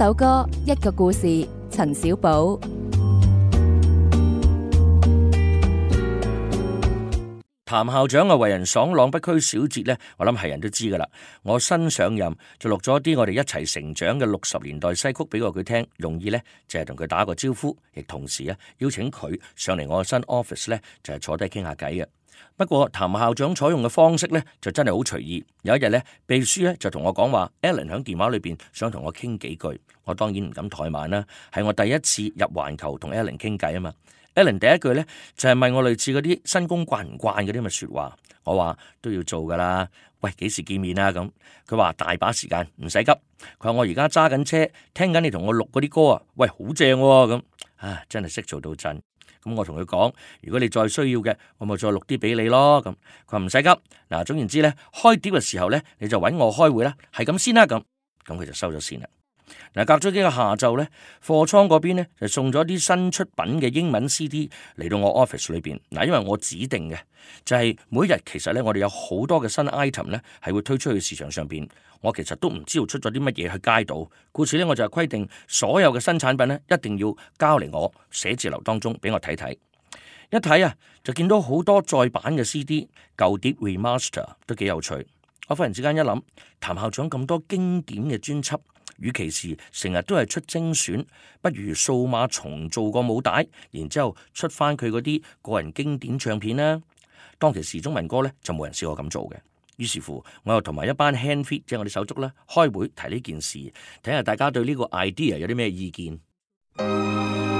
首歌，一個故事，陳少寶。譚校長啊，為人爽朗不拘小節咧，我諗係人都知噶啦。我新上任就錄咗啲我哋一齊成長嘅六十年代西曲俾個佢聽，用意咧就係同佢打個招呼，亦同時啊邀請佢上嚟我嘅新 office 咧，就係坐低傾下偈啊。不過譚校長採用嘅方式咧，就真係好隨意。有一日咧，秘書咧就同我講話，Alan 喺電話裏邊想同我傾幾句，我當然唔敢怠慢啦，係我第一次入環球同 Alan 傾偈啊嘛。Alan 第一句咧就係、是、問我類似嗰啲新工慣唔慣嗰啲咪說話，我話都要做噶啦。喂，幾時見面啊？咁佢話大把時間，唔使急。佢話我而家揸緊車，聽緊你同我錄嗰啲歌啊，喂，好正喎咁。啊，真係識做到盡。咁我同佢講，如果你再需要嘅，我咪再錄啲俾你咯。咁佢話唔使急。嗱，總言之咧，開碟嘅時候咧，你就搵我開會啦，係咁先啦、啊。咁，咁佢就收咗線啦。嗱，隔咗幾個下晝咧，貨倉嗰邊咧就送咗啲新出品嘅英文 CD 嚟到我 office 裏邊。嗱，因為我指定嘅就係每日，其實咧我哋有好多嘅新 item 咧係會推出去市場上邊，我其實都唔知道出咗啲乜嘢喺街度。故此咧，我就規定所有嘅新產品咧一定要交嚟我寫字樓當中俾我睇睇。一睇啊，就見到好多再版嘅 CD，舊碟 remaster 都幾有趣。我忽然之間一諗，譚校長咁多經典嘅專輯。與其是成日都係出精選，不如數碼重做個母帶，然之後出翻佢嗰啲個人經典唱片啦。當其時，中文歌呢就冇人試過咁做嘅。於是乎，我又同埋一班 hand fit，即係我哋手足咧，開會提呢件事，睇下大家對呢個 idea 有啲咩意見。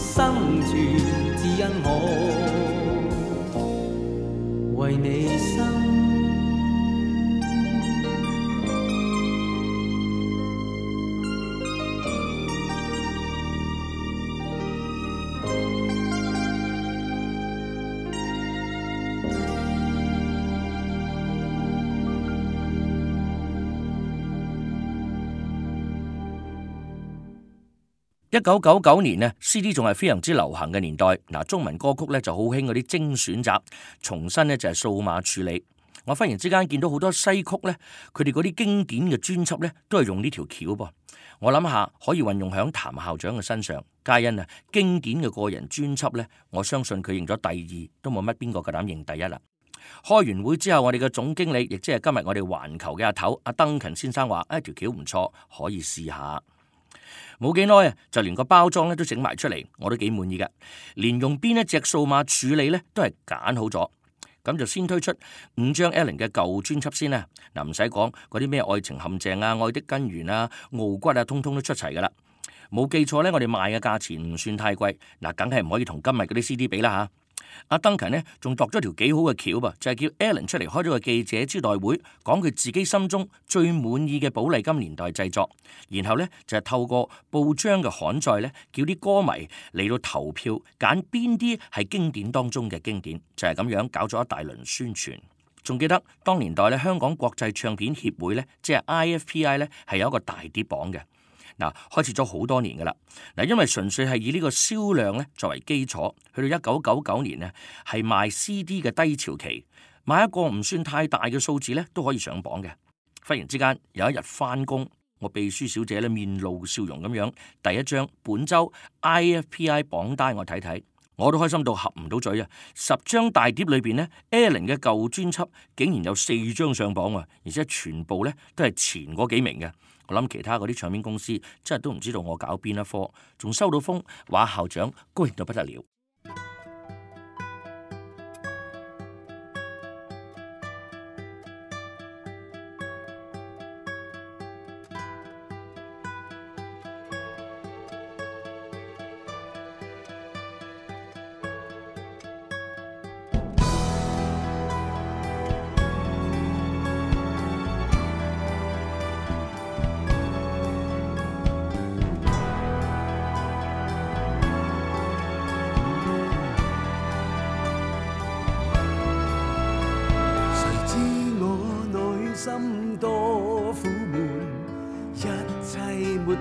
生存只因我為你生。一九九九年呢 CD 仲係非常之流行嘅年代。嗱，中文歌曲呢就好興嗰啲精選集，重新呢就係數碼處理。我忽然之間見到好多西曲呢，佢哋嗰啲經典嘅專輯呢都係用呢條橋噃。我諗下可以運用喺譚校長嘅身上。皆因啊，經典嘅個人專輯呢，我相信佢認咗第二都冇乜邊個夠膽認第一啦。開完會之後，我哋嘅總經理，亦即係今日我哋環球嘅阿頭阿登勤先生話：一條橋唔錯，可以試下。冇幾耐啊，就連個包裝咧都整埋出嚟，我都幾滿意嘅。連用邊一隻數碼處理咧都係揀好咗，咁就先推出五張 Alan 嘅舊專輯先啦。嗱、啊，唔使講嗰啲咩愛情陷阱啊、愛的根源啊、傲骨啊，通通都出齊噶啦。冇記錯呢，我哋賣嘅價錢唔算太貴，嗱、啊，梗係唔可以同今日嗰啲 CD 比啦吓。阿登勤咧仲度咗條幾好嘅橋噃，就係、是、叫 Alan 出嚟開咗個記者招待會，講佢自己心中最滿意嘅寶麗金年代製作。然後呢，就係、是、透過報章嘅刊載呢，叫啲歌迷嚟到投票，揀邊啲係經典當中嘅經典，就係、是、咁樣搞咗一大輪宣傳。仲記得當年代咧，香港國際唱片協會呢，即係 I F P I 呢係有一個大碟榜嘅。嗱，開始咗好多年噶啦，嗱，因為純粹係以呢個銷量咧作為基礎，去到一九九九年咧係賣 CD 嘅低潮期，賣一個唔算太大嘅數字咧都可以上榜嘅。忽然之間有一日翻工，我秘書小姐咧面露笑容咁樣，第一張本週 IFPI 榜單，我睇睇，我都開心到合唔到嘴啊！十張大碟裏邊咧，Alan 嘅舊專輯竟然有四張上榜啊，而且全部咧都係前嗰幾名嘅。我諗其他嗰啲唱片公司真係都唔知道我搞邊一科，仲收到風，話校長高興到不得了。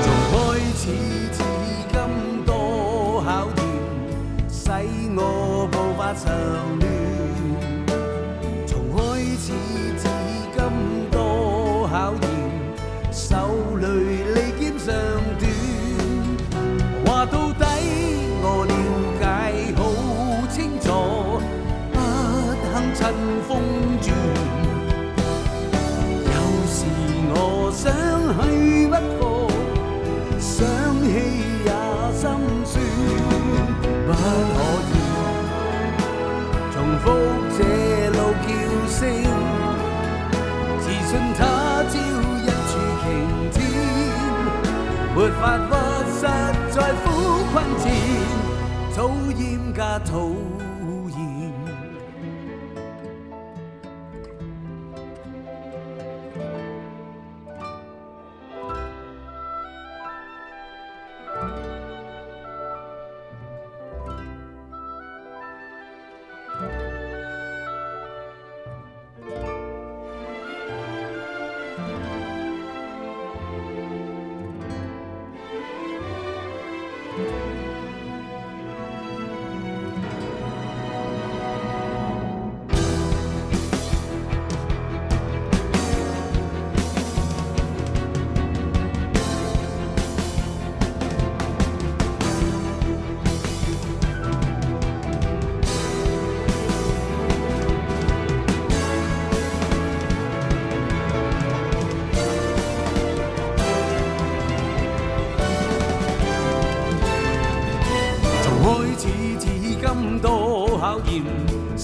從開始至今， 次次多考驗，使我步伐長。朝一處晴天，沒法屈膝在苦困前，討厭家徒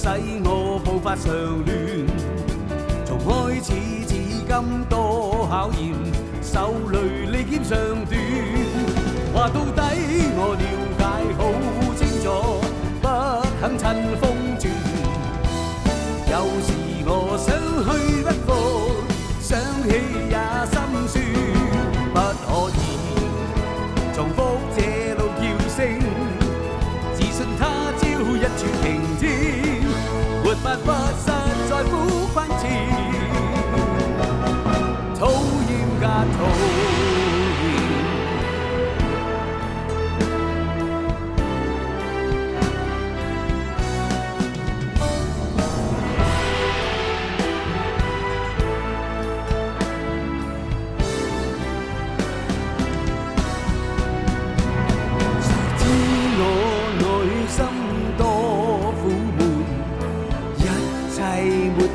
使我步伐常亂，從開始至今多考驗，手累利劍上斷。話到底我了解好清楚，不肯塵封。